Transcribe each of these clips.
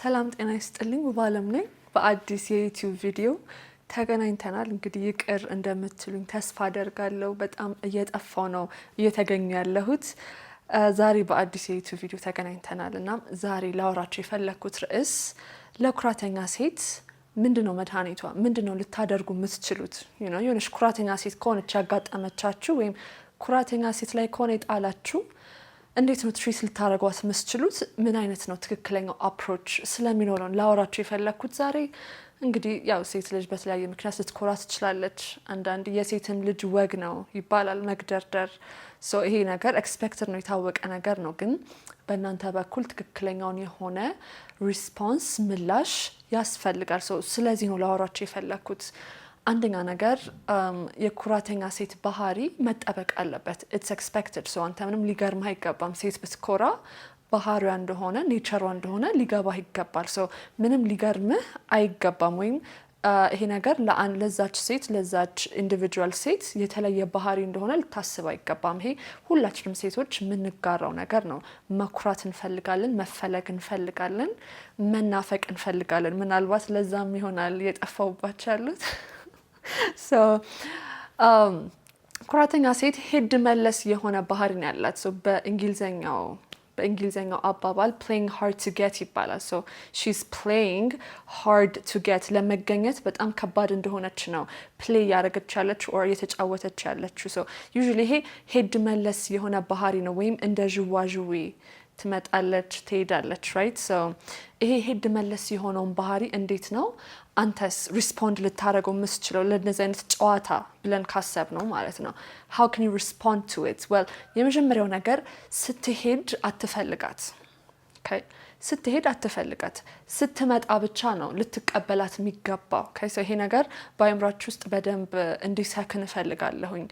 ሰላም ጤና ይስጥልኝ። በአለም ነኝ። በአዲስ የዩቲዩብ ቪዲዮ ተገናኝተናል። እንግዲህ ይቅር እንደምትሉኝ ተስፋ አደርጋለሁ። በጣም እየጠፋው ነው እየተገኙ ያለሁት። ዛሬ በአዲስ የዩቲዩብ ቪዲዮ ተገናኝተናል እና ዛሬ ላወራቸው የፈለግኩት ርዕስ ለኩራተኛ ሴት ምንድን ነው መድኃኒቷ? ምንድን ነው ልታደርጉ የምትችሉት? የሆነች ኩራተኛ ሴት ከሆነች ያጋጠመቻችሁ ወይም ኩራተኛ ሴት ላይ ከሆነ የጣላችሁ እንዴት ነው ትሪት ልታደረጓት የምትችሉት? ምን አይነት ነው ትክክለኛው አፕሮች ስለሚኖረው ላወራችሁ የፈለግኩት ዛሬ። እንግዲህ ያው ሴት ልጅ በተለያየ ምክንያት ልትኮራ ትችላለች። አንዳንድ የሴትን ልጅ ወግ ነው ይባላል መግደርደር። ይሄ ነገር ኤክስፔክትድ ነው የታወቀ ነገር ነው። ግን በእናንተ በኩል ትክክለኛውን የሆነ ሪስፖንስ ምላሽ ያስፈልጋል። ስለዚህ ነው ላወራችሁ የፈለግኩት። አንደኛ ነገር የኩራተኛ ሴት ባህሪ መጠበቅ አለበት። ኢትስ ኤክስፔክትድ ሰው አንተ ምንም ሊገርም አይገባም። ሴት ብትኮራ ባህሪዋ እንደሆነ ኔቸሯ እንደሆነ ሊገባህ ይገባል። ሰው ምንም ሊገርምህ አይገባም ወይም ይሄ ነገር ለዛች ሴት ለዛች ኢንዲቪጁዋል ሴት የተለየ ባህሪ እንደሆነ ልታስብ አይገባም። ይሄ ሁላችንም ሴቶች የምንጋራው ነገር ነው። መኩራት እንፈልጋለን፣ መፈለግ እንፈልጋለን፣ መናፈቅ እንፈልጋለን። ምናልባት ለዛም ይሆናል የጠፋውባቸው ያሉት Um, ኩራተኛ ሴት ሄድ መለስ የሆነ ባህሪ ነው ያላት። በእንግሊዘኛው በእንግሊዘኛው አባባል ፕሌይንግ ሃርድ ቱ ጌት ይባላል። ሶ ሺስ ፕሌይንግ ሃርድ ቱ ጌት ለመገኘት በጣም ከባድ እንደሆነች ነው ፕሌይ ያደረገች ያለችው ኦር እየተጫወተች ያለችው። ሶ ዩዥሊ ይሄ ሄድ መለስ የሆነ ባህሪ ነው ወይም እንደ ዥዋዥዌ ትመጣለች፣ ትሄዳለች። ራይት ሰው ይሄ ሄድ መለስ የሆነውን ባህሪ እንዴት ነው አንተስ ሪስፖንድ ልታደረገው የምትችለው ለእነዚህ አይነት ጨዋታ ብለን ካሰብ ነው ማለት ነው። ሀው ካን ዩ ሪስፖንድ ቱ ኢት ዌል የመጀመሪያው ነገር ስትሄድ አትፈልጋት ስትሄድ አትፈልጋት፣ ስትመጣ ብቻ ነው ልትቀበላት የሚገባው። ከሰው ይሄ ነገር በአይምራች ውስጥ በደንብ እንዲሰክን እፈልጋለሁኝ።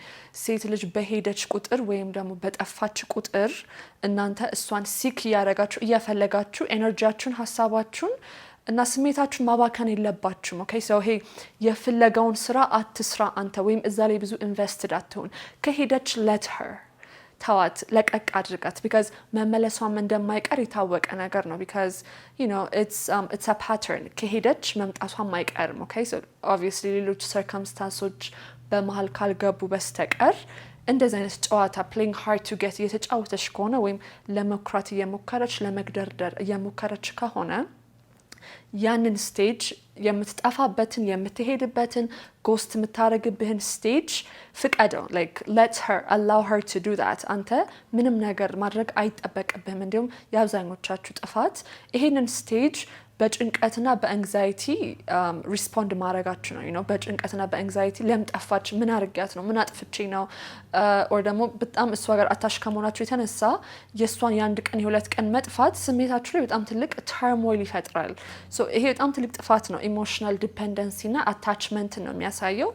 ሴት ልጅ በሄደች ቁጥር ወይም ደግሞ በጠፋች ቁጥር እናንተ እሷን ሲክ እያረጋችሁ እያፈለጋችሁ ኤነርጂያችሁን፣ ሀሳባችሁን እና ስሜታችሁን ማባከን የለባችሁም። ኦኬ ሰው ይሄ የፍለጋውን ስራ አትስራ አንተ ወይም እዛ ላይ ብዙ ኢንቨስትድ አትሆን። ከሄደች ለት ሄር ተዋት፣ ለቀቅ አድርጋት። ቢካዝ መመለሷም እንደማይቀር የታወቀ ነገር ነው። ቢካዝ ኢትስ ፓተርን ከሄደች መምጣቷም አይቀርም። ኦኬ ኦብቪየስሊ ሌሎች ሰርከምስታንሶች በመሀል ካልገቡ በስተቀር እንደዚህ አይነት ጨዋታ ፕሌይንግ ሃርድ ቱ ጌት እየተጫወተች ከሆነ ወይም ለመኩራት እየሞከረች ለመግደርደር እየሞከረች ከሆነ ያንን ስቴጅ የምትጠፋበትን የምትሄድበትን ጎስት የምታደረግብህን ስቴጅ ፍቀደው። ላይክ ሌት ሄር አላው ሄር ቱ ዱ ት አንተ ምንም ነገር ማድረግ አይጠበቅብህም። እንዲሁም የአብዛኞቻችሁ ጥፋት ይሄንን ስቴጅ በጭንቀትና በአንግዛይቲ ሪስፖንድ um, ማድረጋችሁ ነው ነው በጭንቀትና በአንግዛይቲ ለምጠፋች ምን አርጊያት ነው፣ ምን አጥፍቼ ነው ኦር uh, ደግሞ በጣም እሷ ጋር አታሽ ከመሆናችሁ የተነሳ የእሷን የአንድ ቀን የሁለት ቀን መጥፋት ስሜታችሁ ላይ በጣም ትልቅ ተርሞይል ይፈጥራል። ይሄ በጣም ትልቅ ጥፋት ነው። ኢሞሽናል ዲፔንደንሲ እና አታችመንትን ነው የሚያሳየው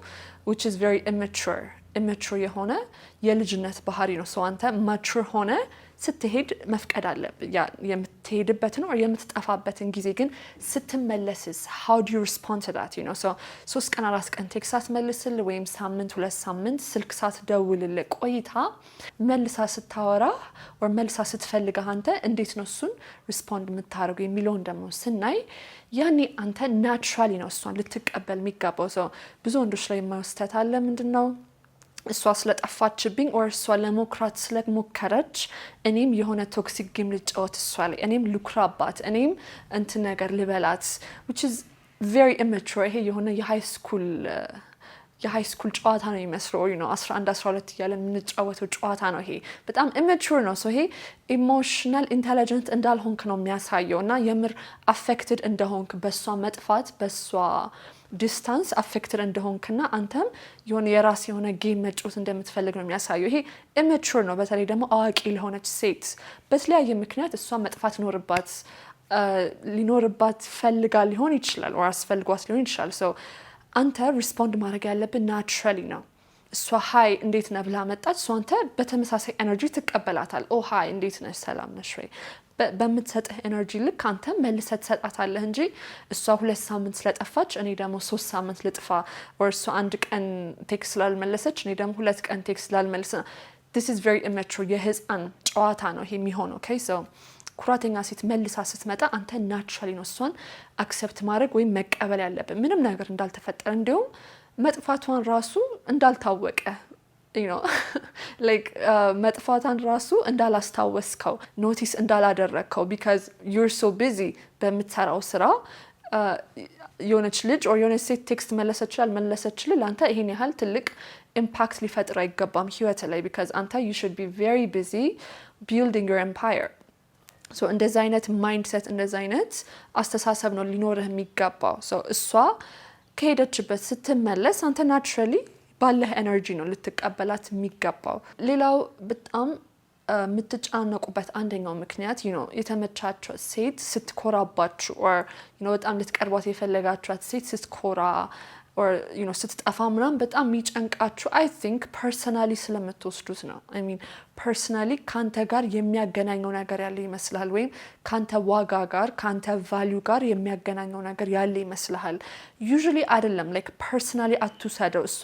ዊች ኢዝ ቬሪ ኢማቹር ኢሜቹር የሆነ የልጅነት ባህሪ ነው። ሰው አንተ ማቹር ሆነ ስትሄድ መፍቀድ አለብህ የምትሄድበትን ወር የምትጠፋበትን ጊዜ ግን ስትመለስስ ሀው ዱ ሪስፖንድ ዳት ነው። ሶስት ቀን አራት ቀን ቴክሳት መልስል ወይም ሳምንት ሁለት ሳምንት ስልክ ሳትደውልል ቆይታ መልሳ ስታወራ ወር መልሳ ስትፈልግህ አንተ እንዴት ነው እሱን ሪስፖንድ የምታደርጉ የሚለውን ደግሞ ስናይ ያኔ አንተ ናቹራሊ ነው እሷን ልትቀበል የሚጋባው ሰው ብዙ ወንዶች ላይ የማይወስተት አለ ምንድን ነው እሷ ስለጠፋችብኝ ኦር እሷ ለመኩራት ስለሞከረች እኔም የሆነ ቶክሲክ ጌም ልጫወት እሷ ላይ እኔም ልኩራባት እኔም እንትን ነገር ልበላት ዊች ኢዝ ኢማቹር ይሄ የሆነ የሃይ ስኩል የሃይስኩል ጨዋታ ነው የሚመስለው ነው 11 12 እያለ የምንጫወተው ጨዋታ ነው ይሄ። በጣም ኢሜቹር ነው ሰው ይሄ ኢሞሽናል ኢንቴሊጀንት እንዳልሆንክ ነው የሚያሳየው እና የምር አፌክትድ እንደሆንክ በእሷ መጥፋት በእሷ ዲስታንስ አፌክትድ እንደሆንክና አንተም የሆነ የራስ የሆነ ጌም መጫወት እንደምትፈልግ ነው የሚያሳየው። ይሄ ኢሜቹር ነው። በተለይ ደግሞ አዋቂ ለሆነች ሴት በተለያየ ምክንያት እሷ መጥፋት ኖርባት ሊኖርባት ፈልጋ ሊሆን ይችላል፣ አስፈልጓት ሊሆን ይችላል ሰው አንተ ሪስፖንድ ማድረግ ያለብን ናቹራሊ ነው። እሷ ሀይ እንዴት ነህ ብላ መጣች። እሷ አንተ በተመሳሳይ ኤነርጂ ትቀበላታል። ኦ ሀይ እንዴት ነሽ፣ ሰላም ነሽ ወይ በምትሰጥህ ኤነርጂ ልክ አንተ መልሰ ትሰጣታለህ እንጂ እሷ ሁለት ሳምንት ስለጠፋች እኔ ደግሞ ሶስት ሳምንት ልጥፋ፣ ወር እሷ አንድ ቀን ቴክስ ስላልመለሰች እኔ ደግሞ ሁለት ቀን ቴክስ ነው። ዲስ ኢዝ ቨሪ ኢመቹር የህፃን ጨዋታ ነው ይሄ የሚሆነው። ሰው ኩራተኛ ሴት መልሳ ስትመጣ አንተ ናቹራሊ ነው እሷን አክሰፕት ማድረግ ወይም መቀበል ያለብን ምንም ነገር እንዳልተፈጠረ እንዲሁም መጥፋቷን ራሱ እንዳልታወቀ uh, መጥፋቷን ራሱ እንዳላስታወስከው ኖቲስ እንዳላደረግከው ቢካዝ ዩር ሶ ቢዚ በምትሰራው ስራ uh, የሆነች ልጅ ኦር የሆነች ሴት ቴክስት መለሰ ችላል መለሰ ይችላል አንተ ይሄን ያህል ትልቅ ኢምፓክት ሊፈጥር አይገባም ህይወት ላይ ቢካዝ አንተ ዩ ሹድ ቢ ቬሪ ቢዚ ቢልዲንግ ዩር ኤምፓየር ሶ እንደዚ አይነት ማይንድሰት እንደዚ አይነት አስተሳሰብ ነው ሊኖርህ የሚገባው። እሷ ከሄደችበት ስትመለስ አንተ ናቹራሊ ባለህ ኤነርጂ ነው ልትቀበላት የሚገባው። ሌላው በጣም የምትጫነቁበት አንደኛው ምክንያት የተመቻቸው ሴት ስትኮራባችሁ፣ በጣም ልትቀርቧት የፈለጋችኋት ሴት ስትኮራ ስትጠፋ ምናምን በጣም የሚጨንቃችሁ አይ ቲንክ ፐርሰናሊ ስለምትወስዱት ነው። አይ ሚን ፐርሰናሊ ከአንተ ጋር የሚያገናኘው ነገር ያለ ይመስልሃል፣ ወይም ከአንተ ዋጋ ጋር ከአንተ ቫሊዩ ጋር የሚያገናኘው ነገር ያለ ይመስልሃል። ዩዥሊ አይደለም። ላይክ ፐርሰናሊ አትውሰደው እሷ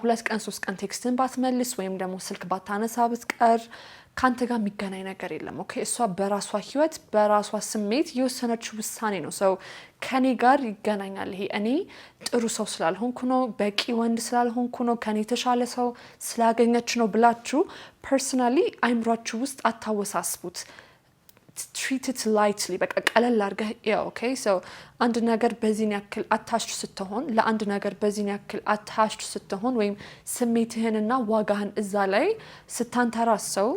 ሁለት ቀን ሶስት ቀን ቴክስትን ባትመልስ ወይም ደግሞ ስልክ ባታነሳ ብትቀር ከአንተ ጋር የሚገናኝ ነገር የለም። ኦኬ እሷ በራሷ ህይወት በራሷ ስሜት የወሰነችው ውሳኔ ነው። ሰው ከኔ ጋር ይገናኛል። ይሄ እኔ ጥሩ ሰው ስላልሆንኩ ነው፣ በቂ ወንድ ስላልሆንኩ ነው፣ ከኔ የተሻለ ሰው ስላገኘች ነው ብላችሁ ፐርሰናሊ አይምሯችሁ ውስጥ አታወሳስቡት። ትሪትት ላይትሊ በቃ ቀለል አድርገህ ኦኬ። ሰው አንድ ነገር በዚህን ያክል አታሽድ ስትሆን ለአንድ ነገር በዚህን ያክል አታሽድ ስትሆን ወይም ስሜትህንና ዋጋህን እዛ ላይ ስታንተራስ um,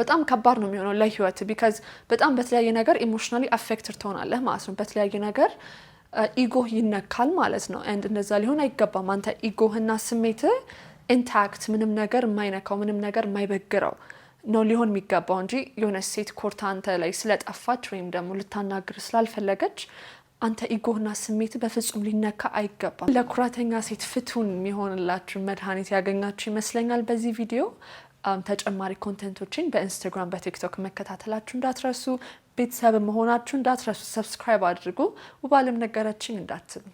በጣም ከባድ ነው የሚሆነው ለህይወት። ቢካዝ በጣም በተለያየ ነገር ኢሞሽናሊ አፌክትድ ትሆናለህ ማለት ነው። በተለያየ ነገር ኢጎ uh, ይነካል ማለት ነው። አንድ እንደዛ ሊሆን አይገባም። አንተ ኢጎህና ስሜትህ ኢንታክት ምንም ነገር የማይነካው ምንም ነገር የማይበግረው ነው ሊሆን የሚገባው እንጂ የሆነ ሴት ኮርታ አንተ ላይ ስለጠፋች ወይም ደግሞ ልታናግር ስላልፈለገች አንተ ኢጎና ስሜት በፍጹም ሊነካ አይገባም። ለኩራተኛ ሴት ፍቱን የሚሆንላችሁ መድኃኒት ያገኛችሁ ይመስለኛል በዚህ ቪዲዮ። ተጨማሪ ኮንተንቶችን በኢንስታግራም በቲክቶክ መከታተላችሁ እንዳትረሱ፣ ቤተሰብ መሆናችሁ እንዳትረሱ፣ ሰብስክራይብ አድርጉ። ውብ አለም ነገረችኝ እንዳትሉ